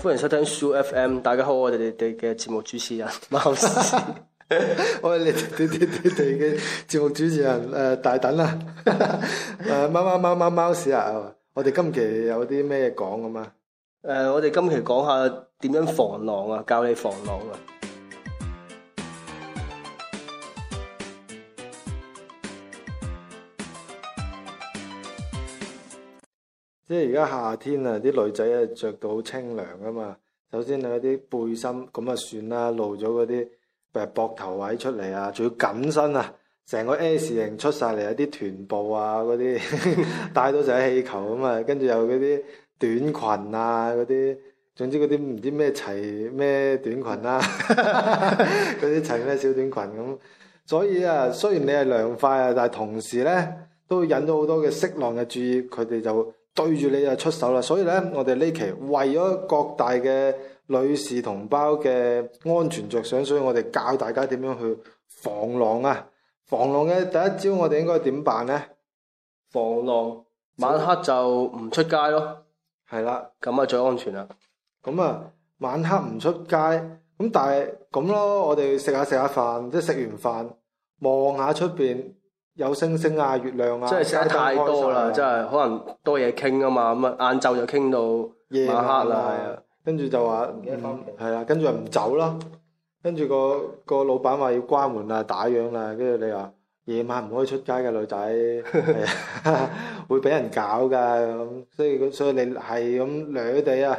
歡迎收聽 Soo FM，大家好，我哋哋哋嘅節目主持人貓屎，我哋你哋哋哋嘅節目主持人誒、呃、大等啊，誒、呃、貓貓貓貓貓屎啊，我哋今期有啲咩講啊嘛？誒、呃，我哋今期講下點樣防狼啊，教你防狼啊。即係而家夏天啊，啲女仔啊着到好清涼噶嘛。首先你啲背心咁啊算啦，露咗嗰啲誒膊頭位出嚟啊，仲要緊身啊，成個 S 型出晒嚟，有啲臀部啊嗰啲帶到就係氣球咁啊。跟住又嗰啲短裙啊嗰啲，總之嗰啲唔知咩齊咩短裙啦、啊，嗰 啲齊咩小短裙咁。所以啊，雖然你係涼快啊，但係同時咧都會引到好多嘅色狼嘅注意，佢哋就～對住你就出手啦，所以咧，我哋呢期為咗各大嘅女士同胞嘅安全着想，所以我哋教大家點樣去防狼啊！防狼嘅第一招，我哋應該點辦呢？防狼，晚黑就唔出街咯。係啦的，咁啊最安全啦。咁啊，晚黑唔出街，咁但係咁咯，我哋食下食下飯，即係食完飯望下出邊。看看有星星啊，月亮啊，即係食得太多啦，即係可能多嘢傾啊嘛，咁啊晏晝就傾到夜晚黑啦，係啊，跟住就話唔記得翻屋企。係啊，跟住又唔走啦，跟住個個老闆話要關門啦，打烊啦，跟住你話夜晚唔可以出街嘅女仔，會俾人搞㗎咁，所以所以你係咁嗲地啊，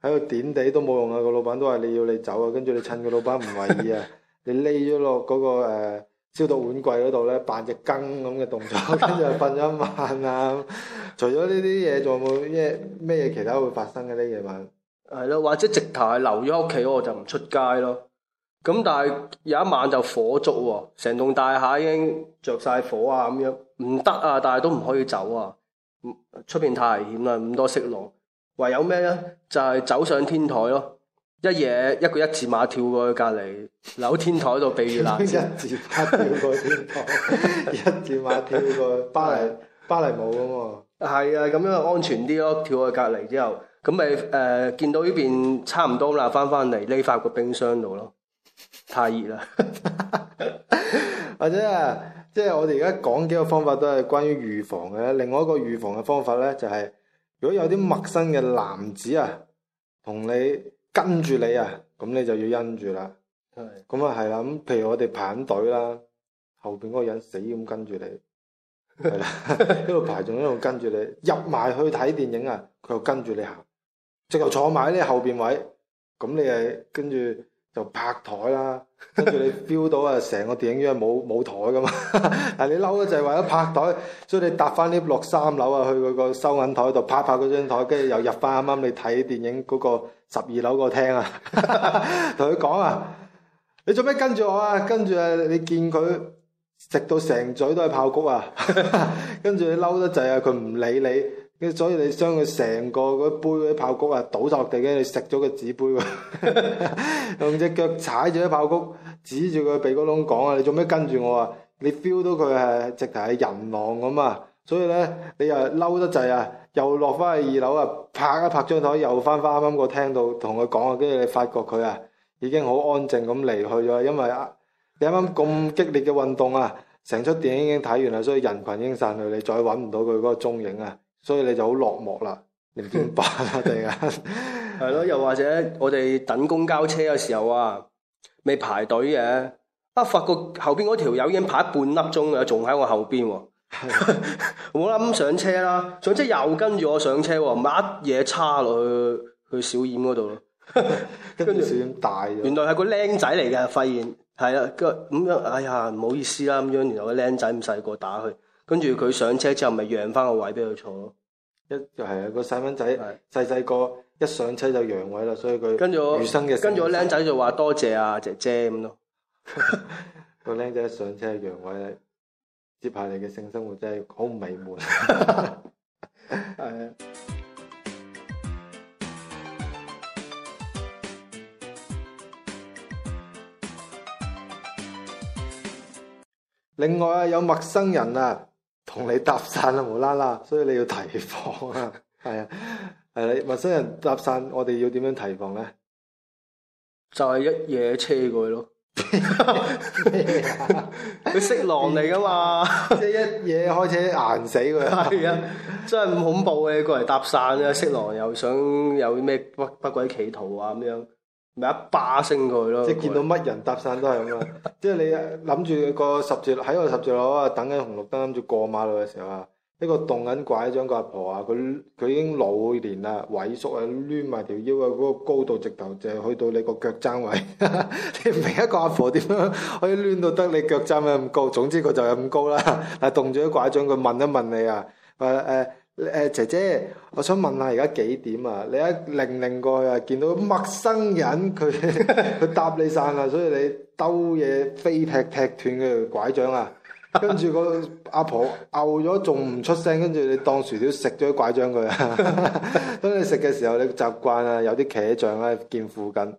喺度點地都冇用啊，個老闆都話你要你走啊，跟住你趁個老闆唔為意啊，你匿咗落嗰個誒。燒到碗櫃嗰度咧，扮隻羹咁嘅動作，跟住又瞓咗一晚啊！ 除咗呢啲嘢，仲有冇咩咩嘢其他會發生嘅呢？夜晚係咯，或者直頭係留咗屋企，我就唔出街咯。咁但係有一晚就火燭喎，成棟大廈已經着晒火啊！咁樣唔得啊，但係都唔可以走啊，出邊太危險啦，咁多色狼。唯有咩咧，就係走上天台咯。一夜，一個一字馬跳過去隔籬，樓天台度避雨啦。一字馬跳過天台，一字馬跳過去巴黎 巴黎舞咁啊！係啊，咁樣安全啲咯。跳過去隔籬之後，咁咪誒見到呢邊差唔多啦，翻翻嚟匿翻個冰箱度咯。太熱啦， 或者啊，即係我哋而家講幾個方法都係關於預防嘅。另外一個預防嘅方法咧、就是，就係如果有啲陌生嘅男子啊，同你。跟住你啊，咁你就要因住啦。咁啊係啦，咁、嗯、譬如我哋排緊隊啦，後邊嗰個人死咁跟住你，係啦，一路排仲一度跟住你，入埋去睇電影啊，佢又跟住你行，直頭坐埋喺你後邊位，咁你係跟住。就拍台啦，跟住你 feel 到啊，成個電影院冇冇台㗎嘛，但 係你嬲得滯係為咗拍台，所以你搭翻啲落三樓啊，去嗰個收銀台度拍拍嗰張台，跟住又入翻啱啱你睇電影嗰個十二樓個廳啊，同佢講啊，你做咩跟住我啊？跟住啊，你見佢食到成嘴都係爆谷啊？跟 住你嬲得滯啊，佢唔理你。所以你將佢成個杯啲炮谷啊倒落地，跟住食咗個紙杯， 用隻腳踩住啲炮谷，指住佢鼻哥窿講啊！你做咩跟住我啊？你 feel 到佢係直頭係人狼咁啊！所以咧，你又嬲得滯啊！又落翻去二樓啊，拍一拍張台，又翻翻啱啱個廳度同佢講啊。跟住你發覺佢啊已經好安靜咁離去咗，因為啊你啱啱咁激烈嘅運動啊，成出電影已經睇完啦，所以人群已經散去，你再揾唔到佢嗰個蹤影啊！所以你就好落寞啦，你點辦？我哋啊係咯，又或者我哋等公交車嘅時候啊，未排隊嘅，啊發覺後邊嗰條友已經排半粒鐘啊，仲 喺我後邊，我諗上車啦，上車又跟住我上車，唔係一嘢叉落去去小掩嗰度咯，跟住小掩大，原來係個僆仔嚟嘅，發現係啦，咁、啊、樣哎呀唔好意思啦，咁樣然後個僆仔咁細個打佢。跟住佢上車之後讓讓，咪讓翻個位俾佢坐咯。一就係啊個細蚊仔細細個一上車就讓位啦，所以佢餘生嘅，跟住個僆仔就話多謝啊姐姐咁咯。個僆仔一上車就讓位，接下嚟嘅性生活真係好唔美滿。另外啊，有陌生人啊。同你搭訕就無啦啦，所以你要提防啊！係啊，係你陌生人搭訕，我哋要點樣提防咧？就係一嘢車過去咯，佢色狼嚟噶嘛，即係一嘢開車硬死佢啊！真係咁恐怖嘅，你過嚟搭訕咧，色狼又想有咩不不軌企圖啊咁樣。咪一巴聲過去咯，即係見到乜人搭訕都係咁樣。 即係你諗住個十字喺個十字路啊，等緊紅綠燈，諗住過馬路嘅時候啊，一、這個動緊拐杖嘅阿婆啊，佢佢已經老年啦，萎縮啊，攣埋條腰啊，嗰、那個高度直頭就去到你個腳踭位。 你唔明一個阿婆點樣可以攣到得你腳踭位咁高？總之佢就係咁高啦。但係動咗啲拐杖，佢問一問你啊，誒誒。呃誒、呃，姐姐，我想問下而家幾點啊？你一零零過啊，見到陌生人佢佢搭你散啊，所以你兜嘢，飛踢踢斷嘅拐杖啊，跟住個阿婆拗咗仲唔出聲，跟住你當薯條食咗啲拐杖佢，啊。 當你食嘅時候你習慣啊，有啲茄醬啊，見附近。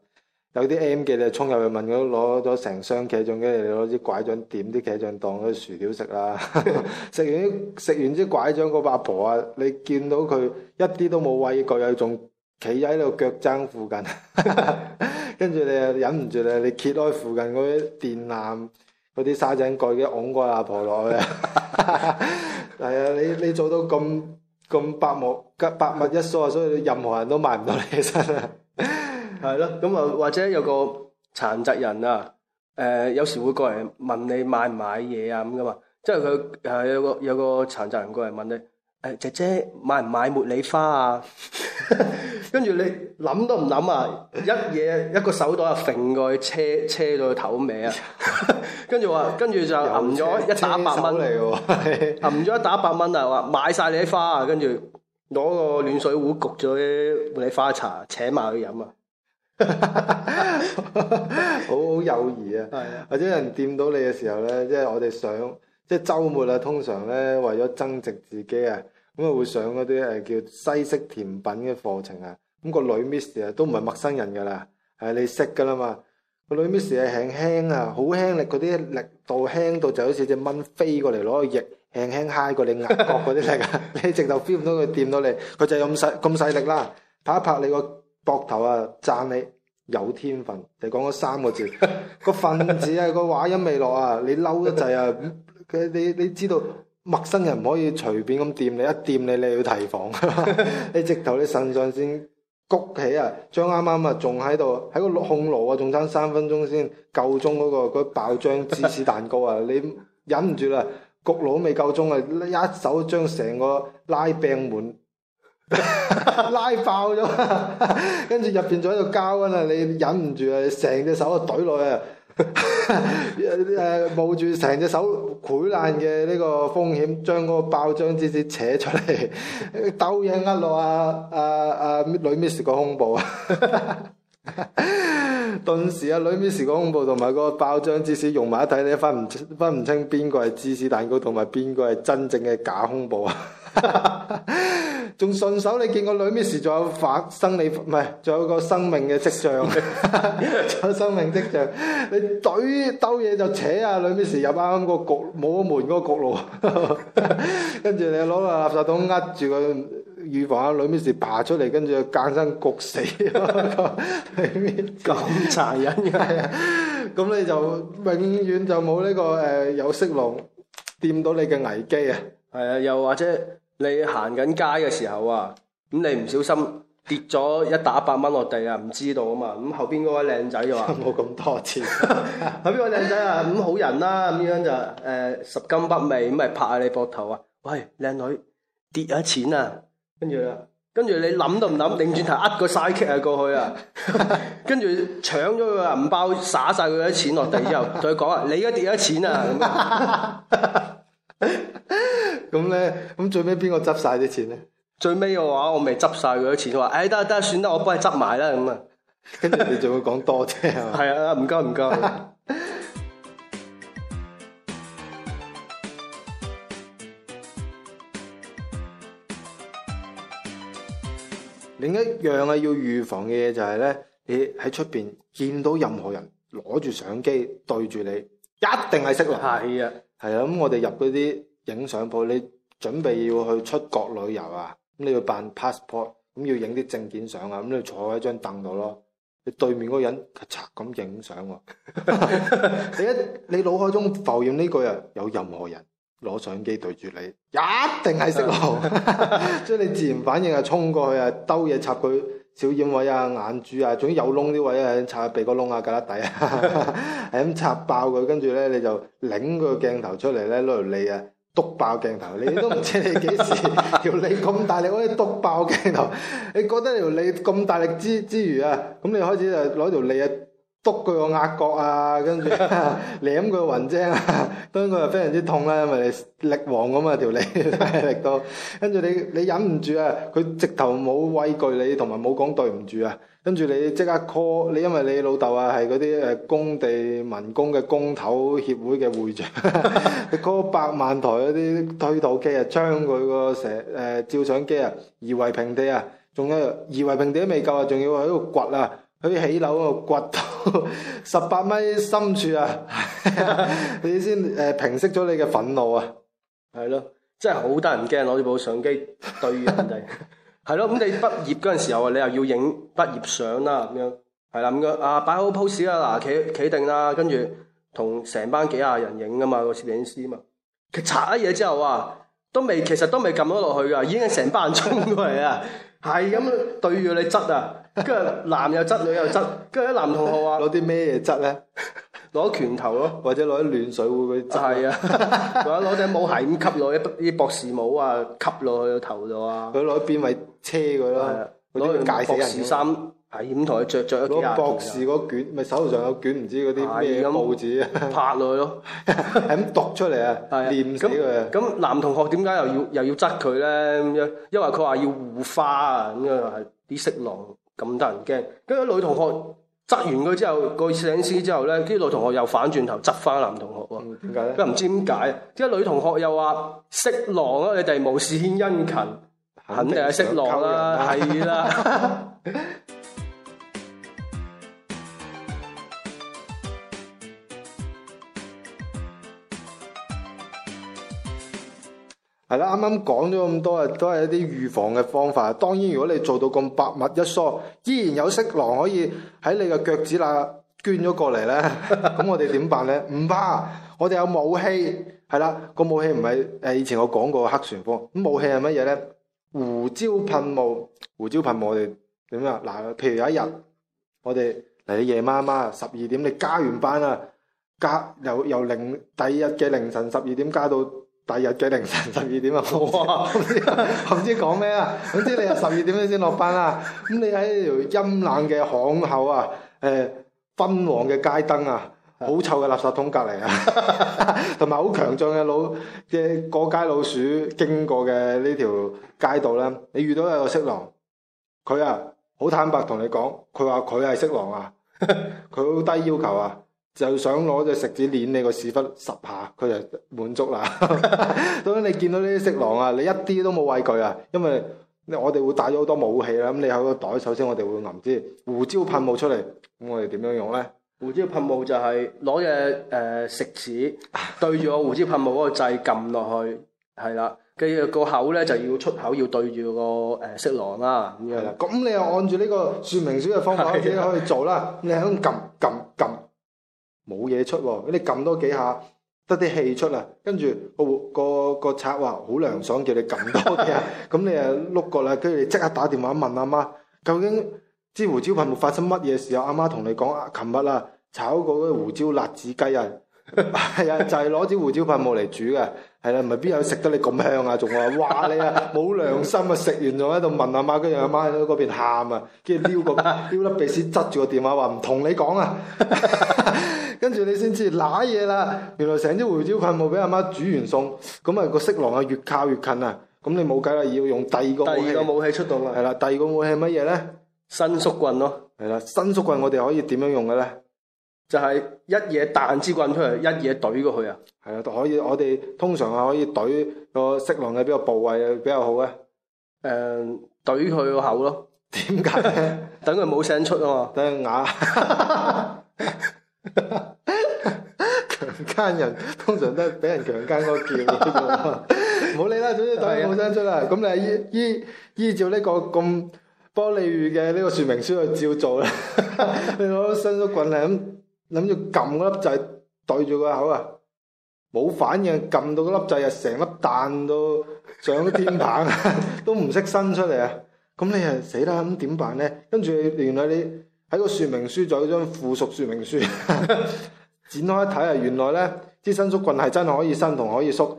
有啲 M 記你衝入去問佢攞咗成箱茄醬，跟住你攞支拐杖點啲茄醬當啲薯條食啦。食 完啲食完啲拐杖個阿婆啊，你見到佢一啲都冇畏懼，又仲企喺度腳踭附近，跟 住你又忍唔住你你揭開附近嗰啲電纜嗰啲沙井蓋嘅，㧬個阿婆落去。係 啊， 你你做到咁咁，百物百物一掃，所以你任何人都埋唔到你嘅身啊！ 係咯，咁啊或者有個殘疾人啊，誒、呃、有時會過嚟問你買唔買嘢啊咁嘅嘛，即係佢係有個有個殘疾人過嚟問你，誒、哎、姐姐買唔買茉莉花啊？ 跟住你諗都唔諗啊，一嘢一,一個手袋啊揈過去，車車到佢頭歪啊， 跟住話跟住就含咗一打百蚊嚟喎，含咗 一打百蚊啊話買晒你啲花啊，跟住攞個暖水壺焗咗啲茉莉花茶請埋佢飲啊。 好好友誼啊， 或者人掂到你嘅時候咧，即、就、係、是、我哋上即係、就是、周末啊，通常咧為咗增值自己啊，咁啊會上嗰啲誒叫西式甜品嘅課程啊。咁個女 miss 啊都唔係陌生人噶啦，係 你識噶啦嘛。個女 miss 係輕輕啊，好輕力，嗰啲力度輕到就好似隻蚊飛過嚟攞個翼輕輕嗨過你額角嗰啲嚟噶， 你直頭 feel 唔到佢掂到，到你，佢就咁細咁細力啦，拍一拍你個膊頭啊，讚你有天分。就講咗三個字，個 分子啊，個話音未落啊，你嬲一滯啊，佢你你知道陌生人唔可以隨便咁掂你，一掂你你要提防， 你直頭你腎上腺谷起啊，將啱啱啊仲喺度喺個控爐啊，仲、啊、差三分鐘先夠鐘嗰個佢爆漿芝士蛋糕啊，你忍唔住啦，焗爐未夠鐘啊，一手將成個拉餅門。 拉爆咗，跟住入邊仲喺度交啊！你忍唔住啊，成隻手啊，懟落去，誒 冒住成隻手潰爛嘅呢個風險，將嗰個爆漿芝士扯出嚟，豆影壓落啊啊啊女 miss 個胸部啊！啊 頓時啊，女 miss 個胸部同埋個爆漿芝士融埋一體，你分唔分唔清邊個係芝士蛋糕同埋邊個係真正嘅假胸部啊！ 仲順手，你見過女 miss 仲有發生理唔係，仲有個生命嘅跡象，仲有生命跡象。你懟兜嘢就扯下女 miss 入返個焗，冇門嗰個焗爐，跟住你攞個垃圾桶扼住個預防下女 miss 爬出嚟，跟住間身焗死。咁殘忍嘅，咁你就永遠就冇呢個誒有色狼掂到你嘅危機啊！係啊，又或者。你行緊街嘅時候啊，咁你唔小心跌咗一打百蚊落地啊，唔知道啊嘛。咁後邊嗰位靚仔就話：冇咁多錢。 後邊嗰靚仔啊，咁好人啦，咁樣就誒拾金不昧，咁咪拍下你膊頭啊。喂，靚女，跌咗錢啊！跟住啦，跟住你諗都唔諗，擰轉頭呃個嘥劇啊過去啊，跟 住搶咗佢銀包，灑晒佢啲錢落地之後，再講啊，你而家跌咗錢啊！ 咁咧，咁最尾邊個執晒啲錢咧？最尾嘅話，我未執晒佢啲錢。佢話 then,：，誒、sí, 了，得得，算 啦，我幫 choreography 你執埋啦。咁啊，跟住你仲會講多謝啊。係啊，唔該唔該。另一樣啊，要預防嘅嘢就係、是、咧，你喺出邊見到任何人攞住相機對住你，一定係識嚟。係啊 ınız 係，係啊，咁我哋入嗰啲。影相鋪，你準備要去出國旅遊啊？咁你要辦 passport，咁要影啲證件相啊？咁你坐喺張凳度咯，你對面嗰個人咔嚓咁影相喎。你一你腦海中浮現呢句啊，有任何人攞相機對住你，一定係色狼，所 以你自然反應係衝過去啊，兜嘢插佢小眼位啊，眼珠啊，總之有窿啲位啊，插鼻個窿啊，胳肋底啊，係 咁 插爆佢，跟住咧你就擰佢個鏡頭出嚟咧，攞條脷。啊～篤爆鏡頭，你都唔知你幾時條脷咁大力可以篤爆鏡頭。你覺得條脷咁大力之之餘啊，咁你開始就攞條脷啊～督佢個額角啊，跟住舐佢個魂精啊，跟住就非常之痛啦，因為力王咁啊，條脷力到，跟住你你忍唔住啊，佢直頭冇畏懼你，同埋冇講對唔住啊，跟住你即刻 call，你因為你老豆啊係嗰啲誒工地民工嘅工頭協會嘅會長，你 call 百萬台嗰啲推土機啊，將佢個成誒照相機啊夷為平地啊，仲有夷為平地都未夠啊，仲要喺度掘啊！佢起樓嗰度掘到十八米深處啊！你先誒平息咗你嘅憤怒啊！係咯，真係好得人驚，攞住部相機對住人哋，係咯。咁你畢業嗰陣時候啊，你又要影畢業相啦，咁樣係啦。咁樣啊擺好 pose 啦，嗱企企定啦，跟住同成班幾廿人影噶嘛，個攝影師嘛。佢拆咗嘢之後啊，都未其實都未撳咗落去啊。已經成班人衝過嚟啊，係咁對住你執啊！跟住男又執，女又執，跟住啲男同學話攞啲咩嘢執咧？攞拳頭咯，或者攞啲暖水會唔會？係啊，或者攞頂帽係咁吸落一啲博士帽啊，吸落去個頭度啊，佢攞邊埋車佢咯，攞件博士衫係咁同佢着着咗幾博士個卷咪手度上有卷唔知嗰啲咩報紙啊，拍落去咯，咁讀出嚟，啊，念死佢啊！咁男同學點解又要又要執佢咧？咁樣，因為佢話要護花啊，咁樣係啲色狼。咁得人驚，跟住女同學執完佢之後，個攝影師之後咧，啲女同學又反轉頭執翻男同學喎，點解咧？因唔知點解，之後女同學又話色狼啊，你哋無事獻殷勤，肯定係色狼啦，啊，係啦。係啦，啱啱講咗咁多啊，都係一啲預防嘅方法。當然，如果你做到咁百密一疏，依然有色狼可以喺你嘅腳趾罅捐咗過嚟咧，咁 我哋點辦咧？唔怕，我哋有武器。係啦，個武器唔係誒，以前我講過嘅黑旋風。咁武器係乜嘢咧？胡椒噴霧，胡椒噴霧我，我哋點樣？嗱，譬如有一日，我哋嚟夜媽媽，十二點你加完班啊，加由由零第二日嘅凌晨十二點加到。第日嘅凌晨十二點啊，哇！啊， 我唔知唔知講咩啊？唔知你係十二點先先落班啊。咁你喺條陰冷嘅巷口啊，誒、呃、昏黃嘅街燈啊，好臭嘅垃圾桶隔離啊，同埋好強壯嘅老嘅過街老鼠經過嘅呢條街道咧，你遇到一個色狼，佢啊好坦白同你講，佢話佢係色狼啊，佢好低要求啊。就想攞隻食指捻你個屎忽十下，佢就滿足啦。當 然你見到呢啲色狼啊，你一啲都冇畏懼啊，因為我哋會帶咗好多武器啦。咁你喺個袋，首先我哋會撳支胡椒噴霧出嚟。咁我哋點樣用咧？胡椒噴霧就係攞隻誒食指對住我胡椒噴霧嗰個掣撳落去，係啦。 跟住個口咧就要出口要對住個誒色狼啦。咁樣啦。咁你又按住呢個說明書嘅方法自己可以做啦。是的 你喺度撳撳撳。冇嘢出、哦，咁你撳多幾下，得啲氣出啦。跟住個個個賊話好涼爽，叫你撳多啲。咁你啊碌過啦，跟住你即刻打電話問阿媽，究竟支胡椒噴霧發生乜嘢時候？阿媽同你講，琴日啊炒嗰個胡椒辣子雞啊，係 啊，就係、是、攞支胡椒噴霧嚟煮嘅，係啦、啊，唔係邊有食得你咁香啊？仲話哇你啊冇良心媽媽媽媽啊！食完仲喺度問阿媽，跟住阿媽喺嗰邊喊啊，跟住撩個撩粒鼻屎執住個電話話唔同你講啊。跟住你先知瀨嘢啦，原來成啲胡椒噴霧冇俾阿媽煮完餸，咁啊個色狼啊越靠越近啊，咁你冇計啦，要用第二個武器，第二個武器出動啦，係啦，第二個武器乜嘢咧？伸縮棍咯，係啦，伸縮棍我哋可以點樣用嘅咧？就係一嘢彈支棍出嚟，一嘢懟過去啊，係啦，可以我哋通常啊可以懟個色狼嘅邊個部位比較好咧？誒、呃，懟佢個口咯，點解？等佢冇聲出啊，等佢啞。 奸人通常都係俾人強奸嗰個叫，唔好理啦，總之對冇聲出啦。咁 你依依依照呢個咁玻璃魚嘅呢個說明書去照做啦。你攞伸縮棍嚟咁諗住撳粒掣，對住個口啊，冇反應，撳到嗰粒掣又成粒彈到上咗天棚，都唔識伸出嚟啊。咁你係死啦！咁點辦咧？跟住原來你喺個說明書就有一 張附屬說明書。 展開一睇啊，原來咧啲伸縮棍係真係可以伸同可以縮，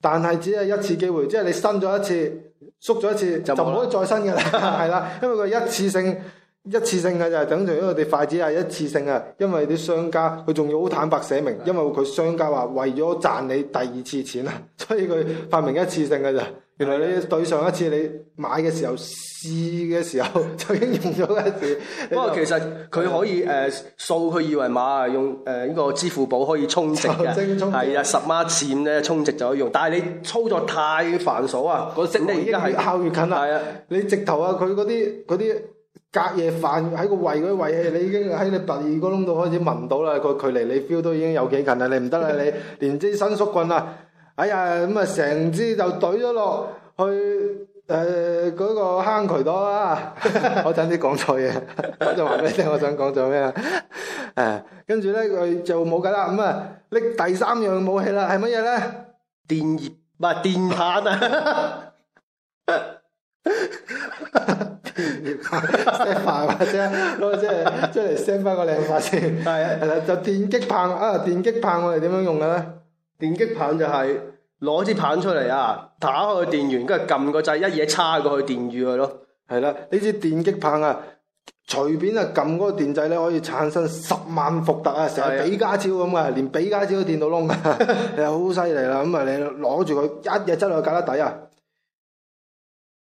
但係只係一次機會，即係你伸咗一次、縮咗一次就唔可以再伸嘅啦，係啦， 因為佢一次性、一次性嘅就係等同於我哋筷子係一次性啊，因為啲商家佢仲要好坦白寫明，的因為佢商家話為咗賺你第二次錢啊，所以佢發明一次性嘅就。原來你對上一次你買嘅時候試嘅時候就已經用咗一次，不過其實佢可以誒、呃、掃佢二維碼，用誒呢個支付寶可以充值嘅。係啊，十蚊錢咧充值就可以用。但係你操作太繁瑣、嗯、啊，嗰息咧已經係越靠越近啦。你直頭啊，佢嗰啲啲隔夜飯喺個胃嗰啲胃氣， 你已經喺你第二個窿度開始聞到啦。個 距離你 feel 都已經有幾近啦，你唔得啦，你連支伸縮棍啊～哎呀，咁啊，成支就懟咗落去誒，嗰、呃那個坑渠度啦。 我等啲講錯嘢，我就話畀你聽，我想講做咩啊？誒，跟住咧佢就冇計啦。咁啊，拎第三樣武器啦，係乜嘢咧？電熱筆、啊、電棒啊！哈哈哈哈哈！電聲快啲，攞隻出嚟聲翻過嚟，快啲！係啊 的，就電擊棒啊！電擊棒我哋點樣用嘅咧？電擊棒就係攞支棒出嚟啊，打開個電源，跟住撳個掣，一嘢叉過去電住佢咯。係啦，呢支電擊棒啊，隨便啊撳嗰個電掣咧，可以產生十萬伏特啊，成日比卡超咁噶，連比卡超都電到窿噶，係好犀利啦，咁啊你攞住佢一日真執落隔得底啊，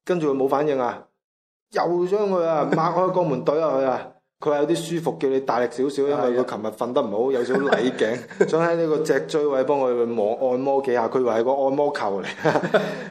跟住佢冇反應啊，又將佢啊抹開個門對啊佢啊。 佢話有啲舒服，叫你大力少少，因為佢琴日瞓得唔好，有少少捩頸， 想喺呢個脊椎位幫佢摩按摩幾下。佢話係個按摩球嚟，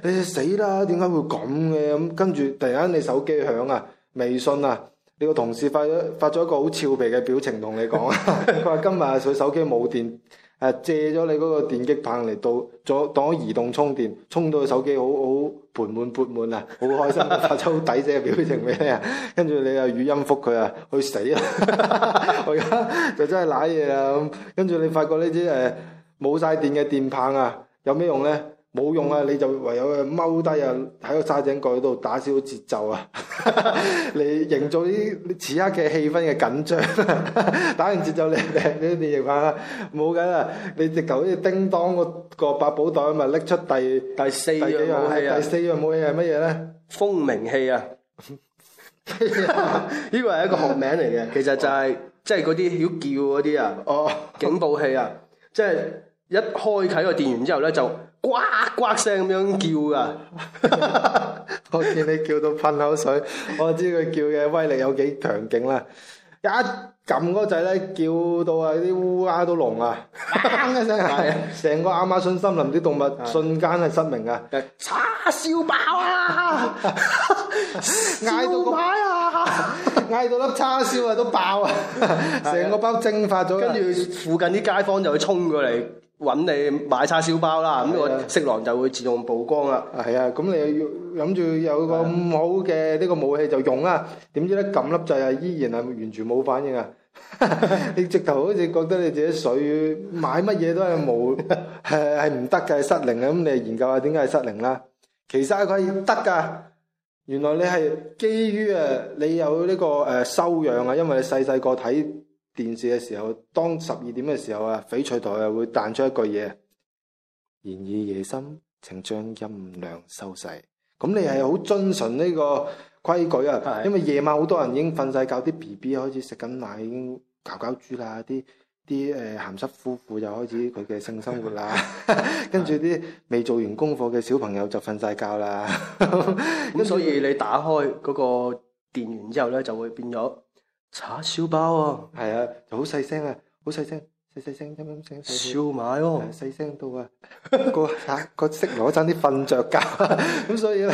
你、 哎、死啦！點解會咁嘅咁？跟住突然間你手機響啊，微信啊，你個同事發咗發咗一個好俏皮嘅表情同你講，佢話 今日佢手機冇電。誒借咗你嗰個電擊棒嚟到，當當移動充電，充到個手機好好盆滿缽滿啊，好開心， 發出好抵死嘅表情俾你啊，跟住你又語音覆佢啊，去死啊！ 我而家就真係瀨嘢啊，跟住你發覺呢啲誒冇晒電嘅電棒啊，有咩用咧？冇用啊！你就唯有踎低啊，喺個沙井蓋度打小節奏啊，嚟 營造啲此刻嘅氣氛嘅緊張。 打完節奏你你你哋啊，冇計啦！你直頭呢叮當個個百寶袋咪拎出第第四樣武器啊！第四樣武器係乜嘢咧？蜂鳴器啊！呢個係一個學名嚟嘅， 其實就係即係嗰啲叫叫嗰啲啊。哦，警報器啊！即係一開啟個電源之後咧就。呱呱聲咁樣叫噶，我見你叫到噴口水，我知佢叫嘅威力有幾強勁啦！一撳嗰個仔咧，叫到啊啲烏鴉都聾啊，一聲係，成個亞馬遜森林啲動物瞬間係失明噶。 叉燒爆啊！嗌到個，嗌到粒叉燒啊都爆啊，成 爆、啊 爆啊、 個包蒸發咗。跟住 附近啲街坊就會衝過嚟。揾你買叉燒包啦，咁個色狼就會自動曝光啦。係啊，咁你諗住有個咁好嘅呢個武器就用啊？點知咧，撳粒掣啊，依然係完全冇反應啊！你直頭好似覺得你自己水，買乜嘢都係冇係係唔得嘅，係失靈嘅。咁你研究下點解係失靈啦。其實佢係得㗎，原來你係基於誒你有呢個誒修養啊，因為你細細個睇電視嘅時候，當十二點嘅時候啊，翡翠台又會彈出一句嘢，然而夜深，請將音量收細。咁你係好遵從呢個規矩啊，嗯、因為夜晚好多人已經瞓晒覺，啲 B B 開始食緊奶，已經搞搞豬啦，啲啲誒鹹濕夫婦又開始佢嘅性生活啦，跟住啲未做完功課嘅小朋友就瞓晒覺啦。咁 著所以你打開嗰個電源之後咧，就會變咗。炒小包啊，係啊，就好細聲啊，好細聲，細細聲，啱啱醒。小馬哦，細聲到啊，個個色狼爭啲瞓着覺，咁所以咧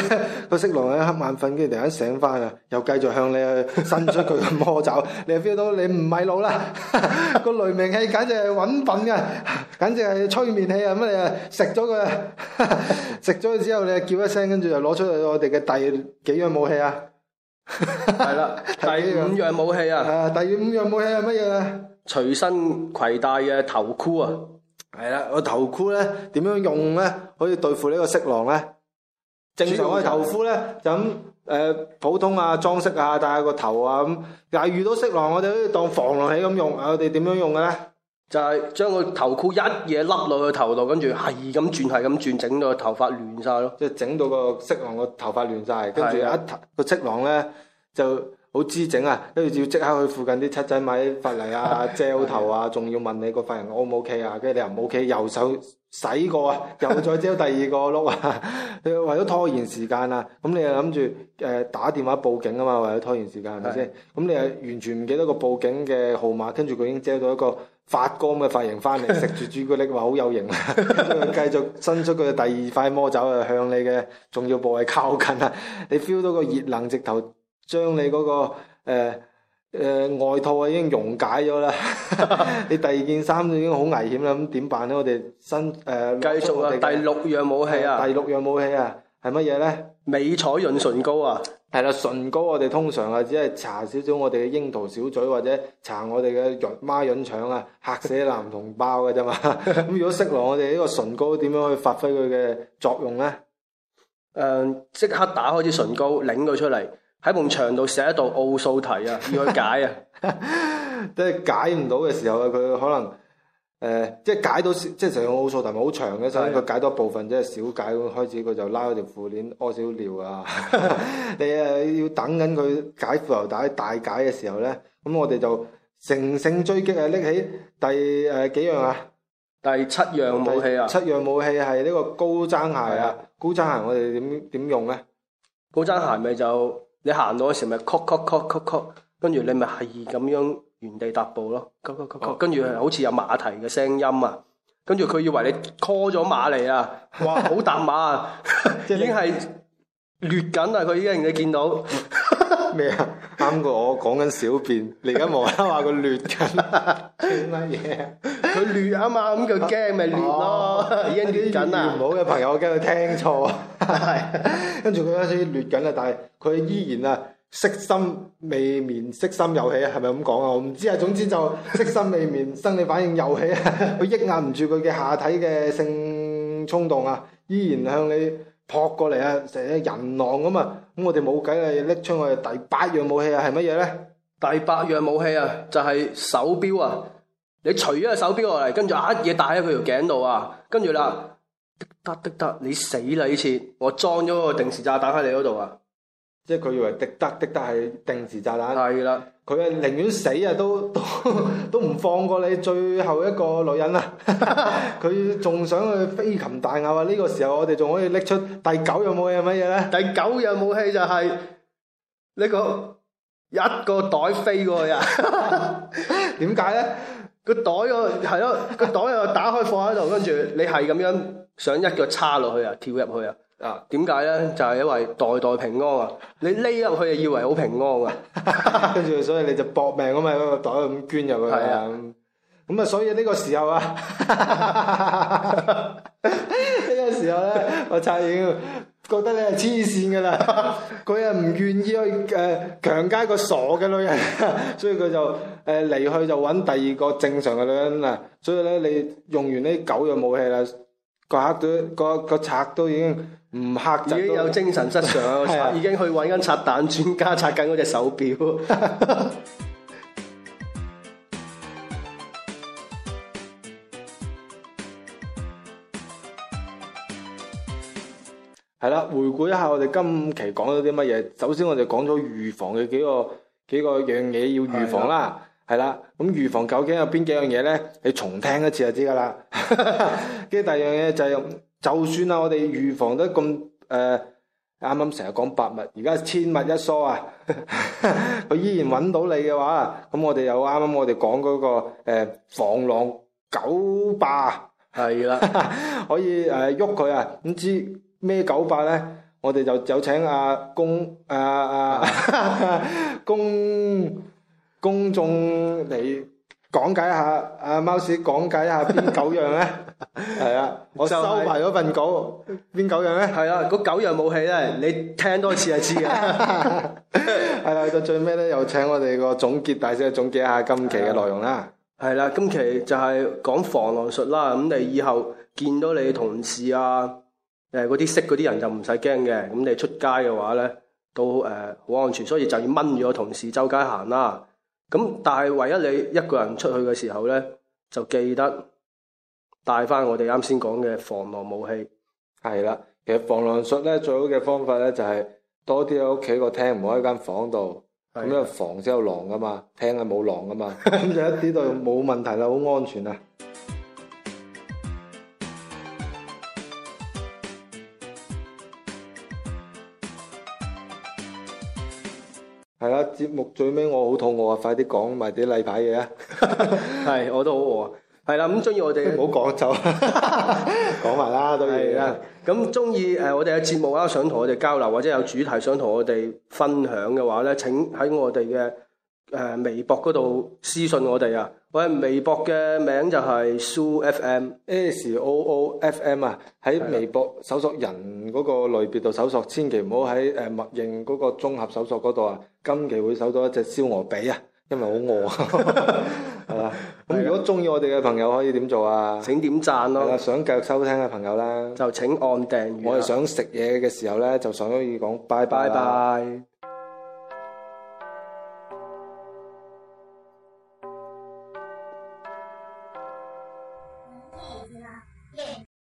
個色狼咧黑晚瞓，跟住突然間醒翻，啊，又繼續向你伸出佢個魔爪，你 feel 到你唔係老啦，個雷鳴器簡直係搵笨嘅，簡直係催眠器啊，咁你食咗佢，食咗佢之後你叫一聲，跟住就攞出我哋嘅第幾樣武器啊？係啦， 第五樣武器啊，係、啊、第五樣武器係乜嘢啊？隨身携帶嘅頭箍啊，係啦、嗯啊個頭箍咧，點樣用咧？可以對付呢個色狼咧？正常個頭箍咧、嗯、就咁誒、呃，普通啊，裝飾啊，戴個頭啊咁。但係遇到色狼，我哋可以當防狼器咁用。我哋點樣用嘅咧？就係將個頭箍一嘢笠落去頭度，跟住係咁轉，係咁轉，整到個頭髮亂晒咯，即係整到個色狼個頭髮亂晒，跟住一頭個的色狼咧就好滋整啊，跟住要即刻去附近啲七仔買啲髮泥啊，遮頭啊，仲要問你個髮型 O 唔 O K 啊，跟住你又唔 O K，右手洗過啊，又再遮第二個碌啊， 為咗拖延時間啊，咁你又諗住誒打電話報警啊嘛，為咗拖延時間係咪先？咁的你又完全唔記得個報警嘅號碼，跟住佢已經遮到一個。發光嘅髮型翻嚟，食住朱古力話好有型啊！繼 續伸出佢嘅第二塊魔爪啊，向你嘅重要部位靠近啊！你 feel 到個熱能直頭將你嗰個誒誒外套啊已經溶解咗啦！ 你第二件衫就已經好危險啦！咁點辦咧？我哋伸誒繼續啊！第六樣武器啊！第六樣武器啊，係乜嘢咧？美彩潤唇膏啊！係啦，唇膏我哋通常啊，只係搽少少我哋嘅櫻桃小嘴或者搽我哋嘅潤孖潤腸啊，嚇死男同胞嘅啫嘛。咁如果識狼，我哋呢個唇膏點樣去發揮佢嘅作用咧？誒，即刻打開支唇膏，擰佢出嚟，喺埲牆度寫一道奧數題啊，要去解啊。即係 解唔到嘅時候啊，佢可能。誒，即係解到即係成個奧數題，但咪好長嘅，所以佢解到部分即係，小解咁開始，佢就拉咗條褲鏈屙少尿啊！你啊要等緊佢解褲頭帶大解嘅時候咧，咁我哋就乘勝追擊啊！拎起第誒幾樣啊？第七樣武器啊？七樣武器係呢個高踭鞋啊！高踭鞋我哋點點用咧？高踭鞋咪就你行到嘅時咪曲曲曲曲」，屈，跟住你咪係咁樣。原地踏步咯，跟住係好似有馬蹄嘅聲音啊，跟住佢以為你 call 咗馬嚟哇啊，哇，好踏馬啊，已經係瀨緊啊。佢已經你見到咩啊？啱過我講緊小便，你而家無啦啦話佢瀨緊，啊。乜嘢？佢瀨啊嘛，咁佢驚咪瀨咯，已經瀨緊啦。唔好嘅朋友，我驚佢聽錯。係，跟住佢開始瀨緊啦，但係佢依然啊。色心未眠，色心有氣啊，係咪咁講啊？我唔知啊，總之就色心未眠，生理反應有氣啊，佢 抑壓唔住佢嘅下體嘅性衝動啊，依然向你撲過嚟啊，成隻人狼咁啊！咁我哋冇計啦，要拎出去第八樣武器啊，係乜嘢咧？第八樣武器啊，就係、是、手錶啊！你除咗個手錶落嚟，跟住一嘢戴喺佢條頸度啊，跟住啦，滴嗒滴嗒，你死啦！呢次我裝咗個定時炸彈喺你嗰度啊！即係佢以為敵得敵得係定時炸彈，係啦的，佢係寧願死啊，都都都唔放過你最後一個女人啦。佢仲 想去飛禽大咬啊！呢、呢個時候我哋仲可以拎出第九樣武器，係乜嘢咧？第九樣武器就係、係、呢個一個袋飛過去啊！點解咧？個袋個係咯，個袋又打開放喺度，跟住你係咁樣想一腳叉落去啊，跳入去啊！啊，點解咧？就係、是、因為代代平安啊！你匿入去就以為好平安啊，跟住所以你就搏命咁喺個袋咁捐入去。係是啊，咁啊，所以呢個時候啊， 呢 個時候咧，我差已經覺得你係黐線噶啦，佢係唔願意去誒強、呃、姦個傻嘅女人， 所以佢就誒離、呃、去就揾第二個正常嘅女人啦。 所以咧，你用完呢九樣武器啦。個黑都個個賊都已經唔克制，已經有精神失常，已經去揾緊拆彈專家拆緊嗰隻手錶。係 啦， 回顧一下我哋今期講咗啲乜嘢。首先我哋講咗預防嘅幾個幾個，幾個樣嘢要預防啦。係啦的，咁預防究竟有邊幾樣嘢咧？你重聽一次就知噶啦。跟住第二樣嘢就係，就，是、就算啊，我哋預防得咁誒，啱啱成日講百物，而家千物一疏啊，佢 依然揾到你嘅話，咁我哋又啱啱我哋講嗰個誒、呃、防狼九霸」係啦的， 可以誒喐佢啊，唔知咩九霸」咧，我哋就有請阿、啊、公阿阿、啊啊、 公公眾嚟。講解一下啊，貓屎講解一下邊九樣咧，係 啊，我收埋咗份稿，邊九樣咧？係 啊，嗰九樣武器咧，你聽多次就知嘅，啊。係 啦、 啊，到最尾咧，又請我哋個總結大聲總結一下今期嘅內容啦。係啦，啊，今期就係講防狼術啦。咁，嗯，你以後見到你同事啊，誒嗰啲識嗰啲人就唔使驚嘅。咁，嗯，你出街嘅話咧，都誒好，呃，安全。所以就要掹住個同事周街行啦。咁但係唯一你一個人出去嘅時候咧，就記得帶翻我哋啱先講嘅防狼武器。係啦，其實防狼術咧，最好嘅方法咧就係多啲喺屋企個廳，唔好喺間房度。咁因為房先有狼噶嘛，廳係冇狼噶嘛，咁 就一啲都冇問題啦，好安全啊！係啦，節目最尾我好肚餓啊，快啲講埋啲例牌嘢啊！係， 我，餓、嗯、我 都好餓。係啦，咁中意我哋唔好講就講埋啦都好嘅。咁中意誒，我哋嘅節目啊，想同我哋交流或者有主題想同我哋分享嘅話咧，請喺我哋嘅。誒、呃，微博嗰度私信我哋啊！我微博嘅名就係 Soo FM，S O O F M 啊。喺微博搜索人嗰個類別度搜索，千祈唔好喺誒默認嗰個綜合搜索嗰度啊。今期會搜到一隻燒鵝髀啊，因為好餓係嘛。咁如果中意我哋嘅朋友可以點做啊？請點讚咯、啊。想繼續收聽嘅朋友啦、啊，就請按訂閱、啊。我哋想食嘢嘅時候咧，就上到去講拜拜拜。Bye bye bye